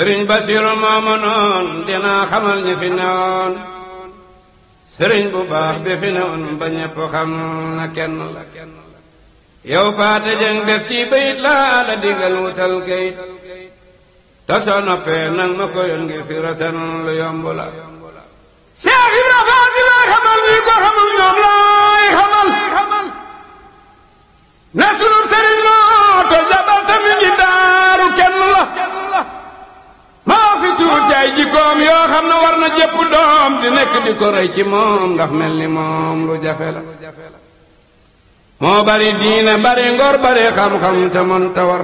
sëriñ Basiru moomu noon dinaa xamal ñi fi newoon sëriñ bu baax bi fi ba ñépp xam na kenn la yow paate jëng def ci bayit laa la digal wutal kayit te soo noppee nag ma ko yoon fi rasen lu yomb la Cheikh Ibra Faati lay xamal ñi ko xamul ñoom laay xamal na sunu sëriñ ci ay jikkoom yoo xam war na jëpp doom di nekk di ko rëy ci moom ndax mel ni moom lu jafe la moo bari diine bari ngor bari xam-xam te mën ta war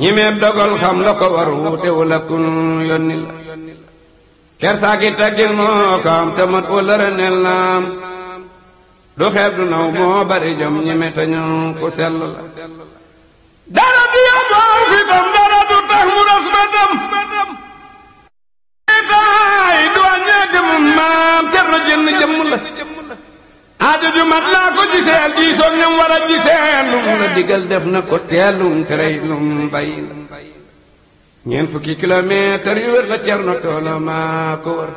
ñi meeb xam la ko war wuute wala kun yónni la kersaaki taggil moo kaam te mat wala renel naam du xeeb du naw moo bari jom ñi me tañu ku sell la dara du yomb tam dara du tax mu des ba laay duwaañee jëmum maam Cerno jënn jëmm la aajo ju mat laa ko giseel diisoog ñam war a lum la digal def na ko teelum terey lum bay ñeent fukki kilomètre yu wër la Cerno toolo maa ko wër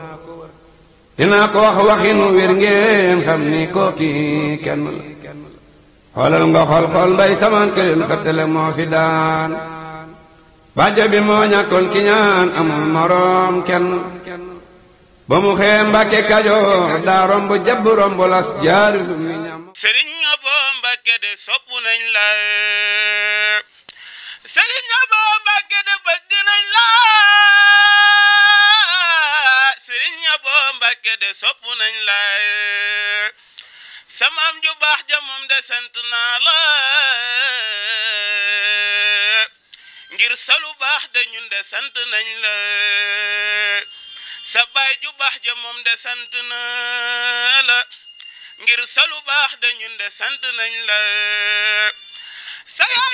dinaa ko wax waxin wér ngeen xam ni kooki kenn la xoolal nga xool xool mbay samaan këleel xattale moo fi daan bàjjo bi moo ñàkkoon ki ñaan amul moroom kenn ba mu kajoor daa romb jabb romb las jaar mi ñam sëriñ ñoboo mbàkke de soppu nañ la sëriñ ñoboo mbàkke de bëgg nañ la sëriñ ñoboo mbàkke de soppu nañ la salu baax de ñun de sant nañ la sa baay ju baax ja moom de sant la ngir salu baax de ñun de sant nañ la sa yaay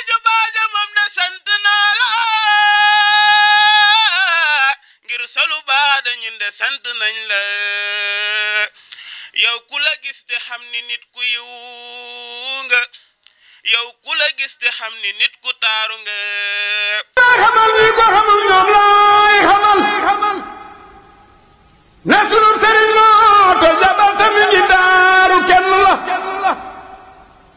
ngir salu baax de ñun de nañ la yow ku la gis de xam ni nit ku yiw yow ku la gis de xam ni nit ku taaru nga xamal ñi ko xamul mi ngi daaru kenn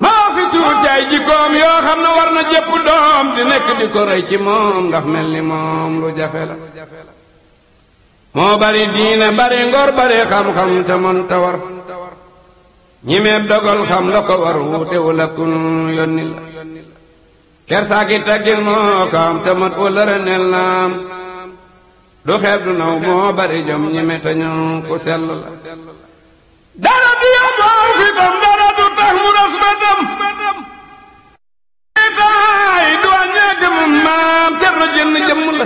maa fi tuur ci ay jikkoom yoo xam ne war na jëpp doom di nekk di ko ci moom ndax mel ni moom lu jafe la moo bari diine bari ngor bari xam-xam ta war ñi meeb dogal xam la ko war wuute wu la kersaaki taggil moo kaam te mat wëllëra nel naam du xeeb du naw moo bari jom ñeme te ku sell la dara du yóbboo fitam dara du tax mu ras bëtam taay du wàññeeku mu maam cer na jënn jëmm la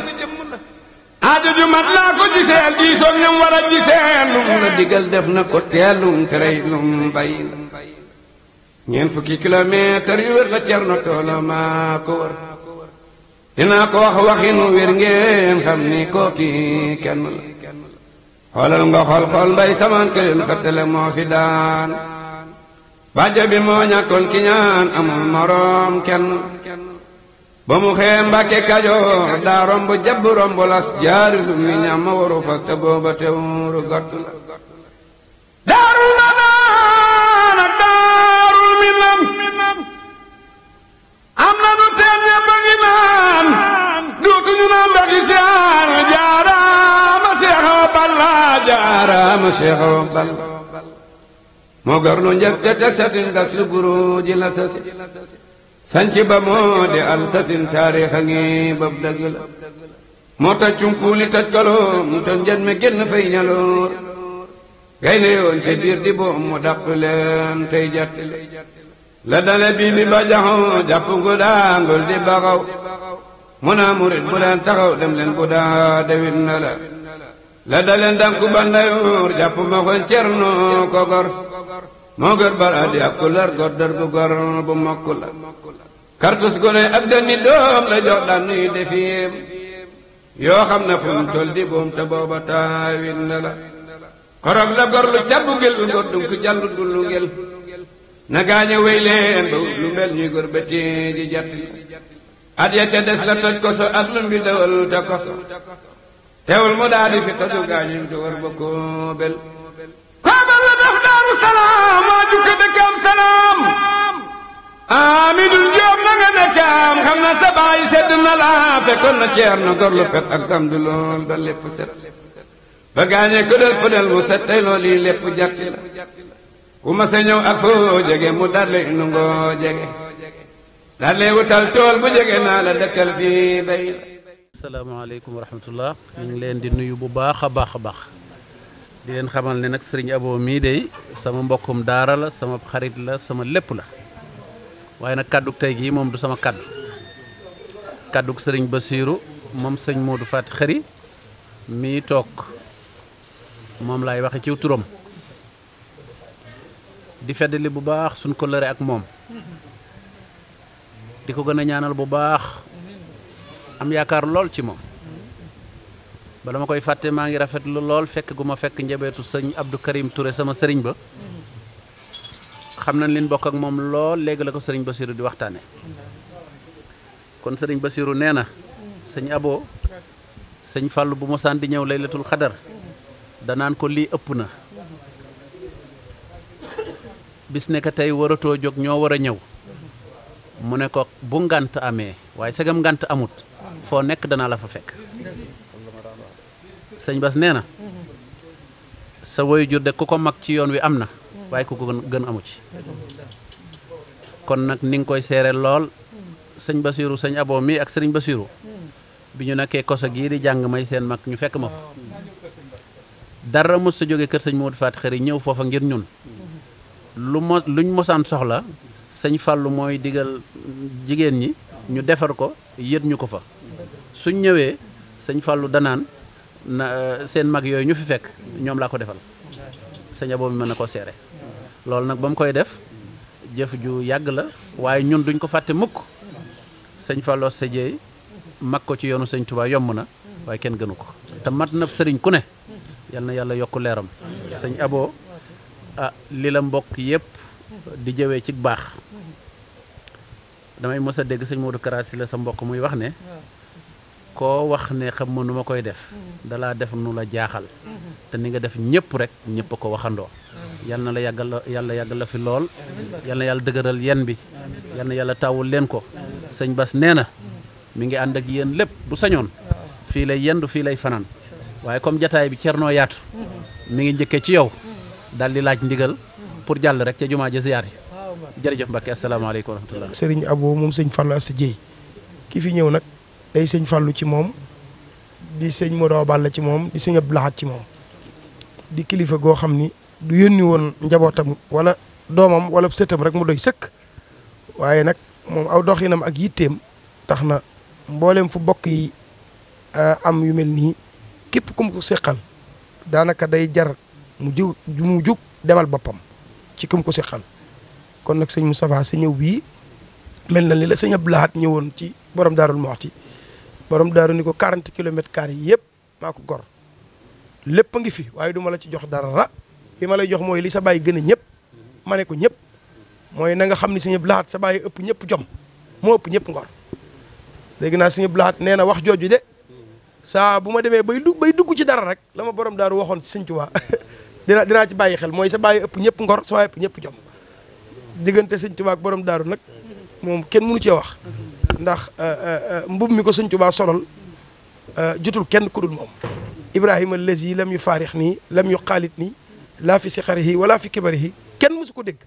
aajo ju mat laa ko giseel diisoog ñam war a giseel lum la def na ko teelum terey lum bay ñeent fukki kilomètre yu wér la Cerno Toola maa ko wër dinaa ko wax waxinu wér ngeen xam ni kooki kenn la xoolal nga xool xool mbay samaan këleen xëttale moo fi daan bàjjo bi moo ñàkkoon ki ñaan amul moroom kenn ba mu xee mbàkke kajoor daa romb jabb romb las jaari lu mi ñam ma waru fa te booba teewuru gott la ñu naan mbàkki siyaar jaaraama Seexu Balla jaaraama moo garlu njëkk te sasin gas lu la sasi sanc ba moo di al sasin taariix ngi bab dëgg moo taj cunkuuli taj kaloom mu mi génn fay ñaloor gaynde yoon ci biir di boom mu dàq leen tey jat la dale bii bi ba jaxoo jàpp gu di baxaw mu naa murit bu leen dem leen bu daa la la daleen dam ku bandayoor ma ko cerno ko gor moo gor baraadi ab ku lër gor dër bu gor bu mokk la kartus gone ab gani doom la jox daan nuy defiim yoo xam na fu mu di boom te booba taawit na la la gor lu cabbu gel gor dum ku jàllu dullu ngel na gaañe wey leen ba wut lu ñuy gor ba ji at ya ca des la toj ko so ak lu mbi dawal teewul mu daal fi toju gaañuñ te ba koobel koobel la def daaru salaam waa jukka dëkkam salaam amidul jóob na nga nekkaam xam na sa sedd na la fekkoon na ceer na gorlu pet ak dam du lool ba lépp set ba gaañee ko del mu set tey lool yi lépp jàkki la ku ma ak foo jege mu darle inu ngoo jege daal lay wutal tool bu jege naa la dëkkal fii bay asalaamaaleykum wa rahmatullah ñu leen di nuyu bu baax a baax a baax di leen xamal ne nag sëriñ Abo mii de sama mbokkum daara la sama xarit la sama lépp la waaye nag kàddug tey gii moom du sama kàddu kàddug sëriñ Basiiru moom sëñ du Faty Khary mii toog moom laay waxe ci turam di feddali bu baax suñ ko lëre ak moom di ko gën a ñaanal bu baax am yaakaar lool ci moom bala ma koy fàtte maa ngi rafetlu lool fekk gu ma fekk njabeetu sëñ Abdou Karim Touré sama sëriñ ba xam nañ leen bokk ak moom lool léegi la ko sëriñ Basiru di waxtaane kon sëriñ Basiru nee na sëñ Abo sëñ fàll bu mosaan di ñëw laylatul xadar danaan ko lii ëpp na bis nekk tey waratoo jóg ñoo war a ñëw mu ne ko bu ngant amee waaye segam ngant amut foo nekk danaa la fa fekk sëñbas nee na sa woyu jur de ku ko mag ci yoon wi am na waaye ku ko gën amu ci kon nag ni nga koy seere lool sëñ Basiiru sëñ Abo mi ak sëriñ Basiiru bi ñu nekkee koso gii di jàng may seen mag ñu fekk ma fa dara mos sa jóge kër sëñ Modou Faty Khary ñëw foofa ngir ñun lu mo luñ mosaan soxla sëñ Fallou mooy digal jigéen ñi ñu defar ko yët ñu ko fa suñ ñëwee sëñ Fallou danaan na eh, seen mag yooyu ñu fi fekk ñoom laa ko defal sëñ Abo mi mën na koo seere loolu nag ba mu koy def jëf ju yàgg la waaye ñun duñ ko fàtte mukk sëñ Fallou sa jeey mag ko ci yoonu sëñ Touba yomb na waaye kenn gënu ko te mat na sëriñ ku ne yal yàlla yokk leeram sëñ Abo ah li la mbokk yépp di jawee ci baax damay mos a sañ sëñ Modou Kara Sylla sa mbokk muy wax ne koo wax ne xam ma nu ma koy def dalaa def nu la jaaxal te ni nga def ñëpp rek ñëpp a ko waxandoo la yàggal la yàlla yàggal la fi lool yàlla yàlla dëgëral yen bi yal yàlla tawul leen ko sañ Bas nee na mu ngi ànd ak yéen lépp bu sañoon fii lay yendu fii lay fanaan waaye comme jataay bi cernoo yaatu mi ngi njëkkee ci yow daal di laaj ndigal pour jàll rek ca jumaa ja ziyaar yi jërëjëf Mbacke asalaamaaleykum wa rahmatulah. Serigne Abo moom sëñ Fallou Assa Dieye ki fi ñëw nag day sëñ Fallou ci moom di sëñ Modou Balla ci moom di sëñ Abdou Lahad ci moom di kilifa goo xam ni du yónni woon njabootam wala doomam wala sëtam rek mu doy sëkk waaye nag moom aw doxinam ak yitteem tax na mbooleem fu bokk yi eh, am yu mel nii képp kum ko seqal daanaka day jar mu ju mu jug demal boppam. ci këm si seqal kon nag sëñ Moustapha sa ñëw bii mel na ni la sëñ blaat Lahad ñëwoon ci borom daarul Moxti borom daaru ni ko 40 kilomètres carrés yi yëpp maa ko gor lépp a ngi fi waaye du ma la ci jox dara li ma lay jox mooy li sa bàyyi gën a ñëpp ma ne ko ñëpp mooy na nga xam ni sëñ Abdou Lahad ëpp ñëpp jom moo ëpp ñëpp ngor dégg naa sëñ blaat Lahad nee na wax jooju de saa bu ma demee bay dugg bay dugg ci dara rek la ma borom daaru waxoon ci sëñ dina dinaa ci bàyyi xel mooy sa bàyyi ëpp ñëpp ngor sa bàyyi ëpp ñëpp jom diggante sëñ Tuubaa borom daaru nag moom kenn mënu cee wax ndax euh, euh, euh, mbubb mi ko sëñ Tuubaa solol jutul kenn ku dul moom ibrahima lazi lam yu faarix nii lam yu xaalit nii laa fi si sixarihi wala fi kibarihi kenn mosu ko dégg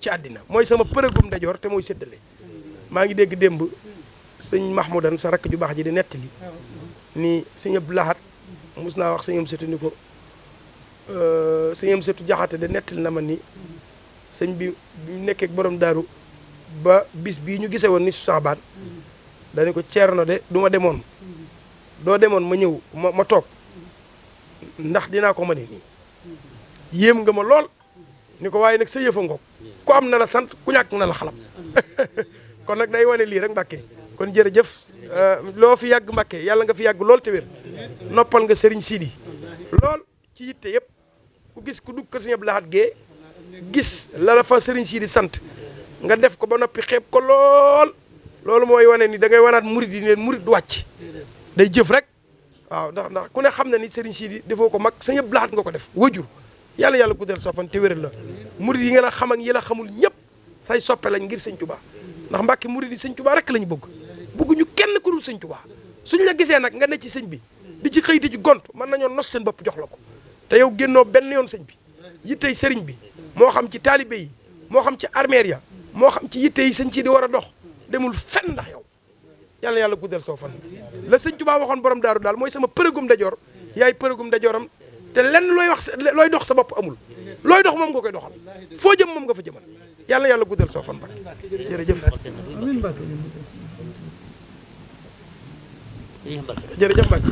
ci àddina mooy sama përëgum ndajoor te mooy séddale maa ngi dégg démb sëñ mahmoudan sa rakk ju baax ji di nettali ni sëñ Abdou Lahad mos naa wax sëñ am sëtu ni ko Euh, sëñ am setu jaxate de nettali na ma ni sëñ bi bu nekkee borom daaru ba bis bii ñu gisee woon ni su saabaan dañu ko no de duma demoon doo demoon ma ñëw ma ma toog ndax dinaa ko mën nii yéem nga ma lool ni ko waaye nag sa yëfa ngoog ku am na la sant ku ñàkk na la xalam kon nag day wane lii rek Mbàkke kon jërëjëf euh, loo fi yàgg Mbàkke yàlla nga fi yàgg lool te noppal nga Sëriñ Sidi lool ci yitte yëpp ku gis ku dugg kër Sëriñ Abdou Lahad Guèye gis la la fa sëriñ sii di sant nga def ko ba noppi xeeb ko lool loolu mooy wane ni da ngay wanaat murid yi neen murid du wàcc day jëf rek waaw dax ndax ku ne xam na ni sëriñ sii di defoo ko mag Sëriñ Abdou nga ko def wajur yàlla yàlla guddal sofan te wéral la murid yi nga la xam ak yi la xamul ñëpp say soppe lañ ngir sëñ Tuubaa ndax Mbàkke murid yi sëñ Tuubaa rek lañ bëgg ñu kenn ku dul sëñ Tuubaa suñ la gisee nag nga ne ci sëñ bi di ci xëy di ci gont mën nañoo nos seen bopp jox la ko te yow génnoo benn yoon sëñ bi yittey sëriñ bi moo xam ci taalibe yi moo xam ci armeer ya moo xam ci yitte yi sëñ si di war a dox demul fenn ndax yow yàlla yàlla guddal soo fan la sëñ Tuubaa waxoon borom daaru daal mooy sama përëgum dajoor yaay përëgum dajooram te lenn looy wax looy dox sa bopp amul looy dox moom nga koy doxal foo jëm moom nga fa jëmal yàlla yàlla guddal soo fan Mbàkke jërëjëf jërëjëf Mbàkke